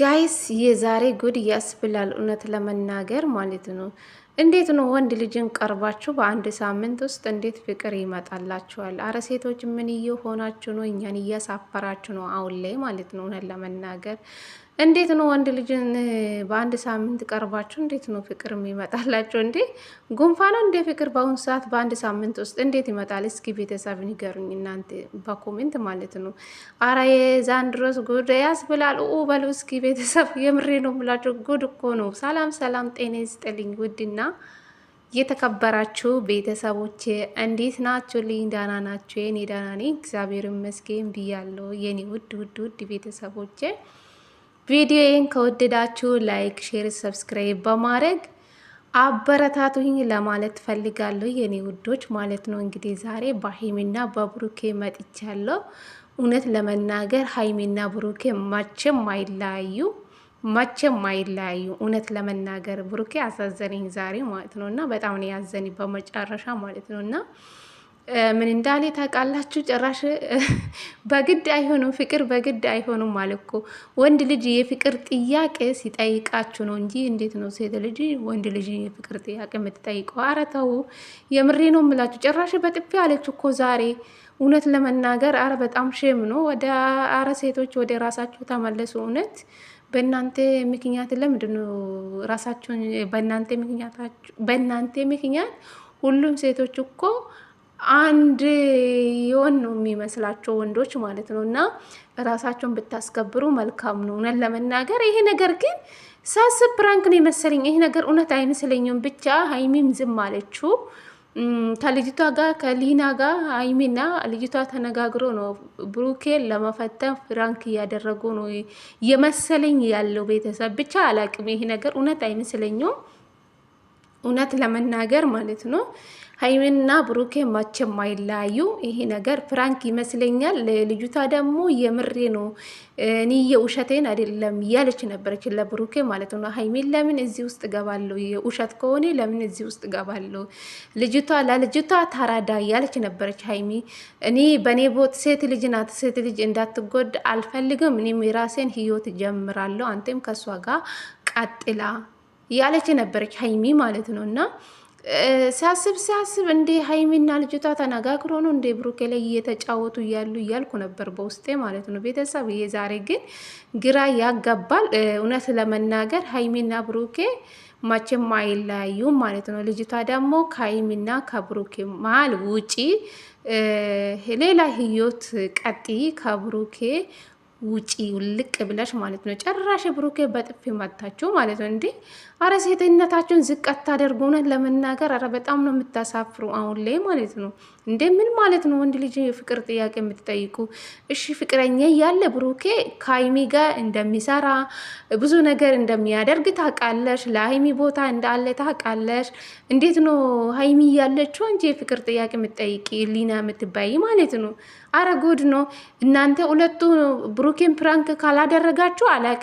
ጋይስ የዛሬ ጉድ ያስብላል። እውነት ለመናገር ማለት ነው። እንዴት ነው ወንድ ልጅን ቀርባችሁ በአንድ ሳምንት ውስጥ እንዴት ፍቅር ይመጣላችኋል? አረ ሴቶች ምን እየሆናችሁ ነው? እኛን እያሳፈራችሁ ነው አሁን ላይ ማለት ነው። እውነት ለመናገር እንዴት ነው ወንድ ልጅን በአንድ ሳምንት ቀርባችሁ እንዴት ነው ፍቅር የሚመጣላቸው? እንዴ ጉንፋን እንደ ፍቅር በአሁኑ ሰዓት በአንድ ሳምንት ውስጥ እንዴት ይመጣል? እስኪ ቤተሰብ ንገሩኝ እናንተ በኮሜንት ማለት ነው። አረ የዛንድሮስ ጉድ ብላል ኡ በሉ እስኪ ቤተሰብ፣ የምሬ ነው የምላቸው ጉድ እኮ ነው። ሰላም ሰላም፣ ጤና ይስጥልኝ ውድና የተከበራችሁ ቤተሰቦቼ እንዴት ናችሁ? ልኝ ዳና ናችሁ? የኔ ዳና ነኝ እግዚአብሔር ይመስገን ብያለሁ። የኔ ውድ ውድ ውድ ቤተሰቦቼ ቪዲዮዬን ከወደዳችሁ ላይክ፣ ሼር፣ ሰብስክራይብ በማድረግ አበረታቱኝ ለማለት ፈልጋለሁ የኔ ውዶች ማለት ነው። እንግዲህ ዛሬ በሀይሚና በብሩኬ መጥቻለሁ። እውነት ለመናገር ሀይሚና ብሩኬ መቼም አይለያዩ መቼም አይለያዩ። እውነት ለመናገር ብሩኬ አሳዘነኝ ዛሬ ማለት ነው እና በጣም ነው ያዘነኝ በመጨረሻ ማለት ነው እና ምን እንዳለ ታውቃላችሁ? ጭራሽ በግድ አይሆኑም፣ ፍቅር በግድ አይሆኑም ማለት እኮ ወንድ ልጅ የፍቅር ጥያቄ ሲጠይቃችሁ ነው እንጂ እንዴት ነው ሴት ልጅ ወንድ ልጅ የፍቅር ጥያቄ የምትጠይቀው? ኧረ ተው፣ የምሬ ነው የምላችሁ። ጭራሽ በጥፊ አለች እኮ ዛሬ። እውነት ለመናገር አረ በጣም ሼም ነው። ወደ አረ ሴቶች ወደ ራሳችሁ ተመለሱ። እውነት በእናንተ ምክንያት ለምንድን ራሳችሁን በእናንተ ምክንያት ሁሉም ሴቶች እኮ አንድ የሆን ነው የሚመስላቸው ወንዶች ማለት ነው። እና ራሳቸውን ብታስከብሩ መልካም ነው። እውነት ለመናገር ይሄ ነገር ግን ሳስ ፕራንክ ነው የመሰለኝ። ይሄ ነገር እውነት አይመስለኝም። ብቻ ሀይሚም ዝም አለችው ከልጅቷ ጋር ከሊና ጋር ሀይሚና ልጅቷ ተነጋግሮ ነው ብሩኬን ለመፈተን ፍራንክ እያደረጉ ነው የመሰለኝ ያለው ቤተሰብ ብቻ አላቅም። ይሄ ነገር እውነት አይመስለኝም። እውነት ለመናገር ማለት ነው ሀይሚና ብሩኬ መቼም አይለያዩ። ይሄ ነገር ፍራንክ ይመስለኛል። ልጅቷ ደግሞ የምሬ ነው እኔ የውሸቴን አይደለም እያለች ነበረች ለብሩኬ ማለት ነው። ሀይሚን ለምን እዚህ ውስጥ ገባለሁ? የውሸት ከሆነ ለምን እዚህ ውስጥ ገባለሁ? ልጅቷ ለልጅቷ ታራዳ እያለች ነበረች ሀይሚ። እኔ በእኔ ቦት ሴት ልጅ ናት፣ ሴት ልጅ እንዳትጎድ አልፈልግም። እኔም የራሴን ህይወት ጀምራለሁ፣ አንተም ከእሷ ጋር ቀጥላ ያለች የነበረች ሀይሚ ማለት ነው እና ሲያስብ ሲያስብ እንዴ ሀይሚና ልጅቷ ተነጋግሮ ነው እንዴ ብሩኬ ላይ እየተጫወቱ እያሉ እያልኩ ነበር በውስጤ ማለት ነው። ቤተሰብ ይሄ ዛሬ ግን ግራ ያጋባል። እውነት ለመናገር ሀይሚና ብሩኬ መቼም አይለያዩም ማለት ነው። ልጅቷ ደግሞ ከሀይሚና ከብሩኬ መሀል ውጪ ሌላ ህይወት ቀጥይ ከብሩኬ ውጪ ውልቅ ብለሽ ማለት ነው። ጨራሽ ብሩኬ በጥፊ መታችሁ ማለት ነው። እንዲህ አረ ሴትነታችሁን ዝቅ አታደርጉ። እውነት ለመናገር አረ በጣም ነው የምታሳፍሩ አሁን ላይ ማለት ነው። እንዴ ምን ማለት ነው? ወንድ ልጅ የፍቅር ጥያቄ የምትጠይቁ? እሺ ፍቅረኛ ያለ ብሩኬ ከሀይሚ ጋር እንደሚሰራ ብዙ ነገር እንደሚያደርግ ታውቃለሽ። ለሀይሚ ቦታ እንዳለ ታውቃለሽ። እንዴት ነው ሀይሚ ያለችው እንጂ የፍቅር ጥያቄ የምትጠይቂ ሊና የምትባይ ማለት ነው። አረ ጉድ ነው እናንተ ሁለቱ ብሩኬን ፕራንክ ካላደረጋችሁ አላውቅም።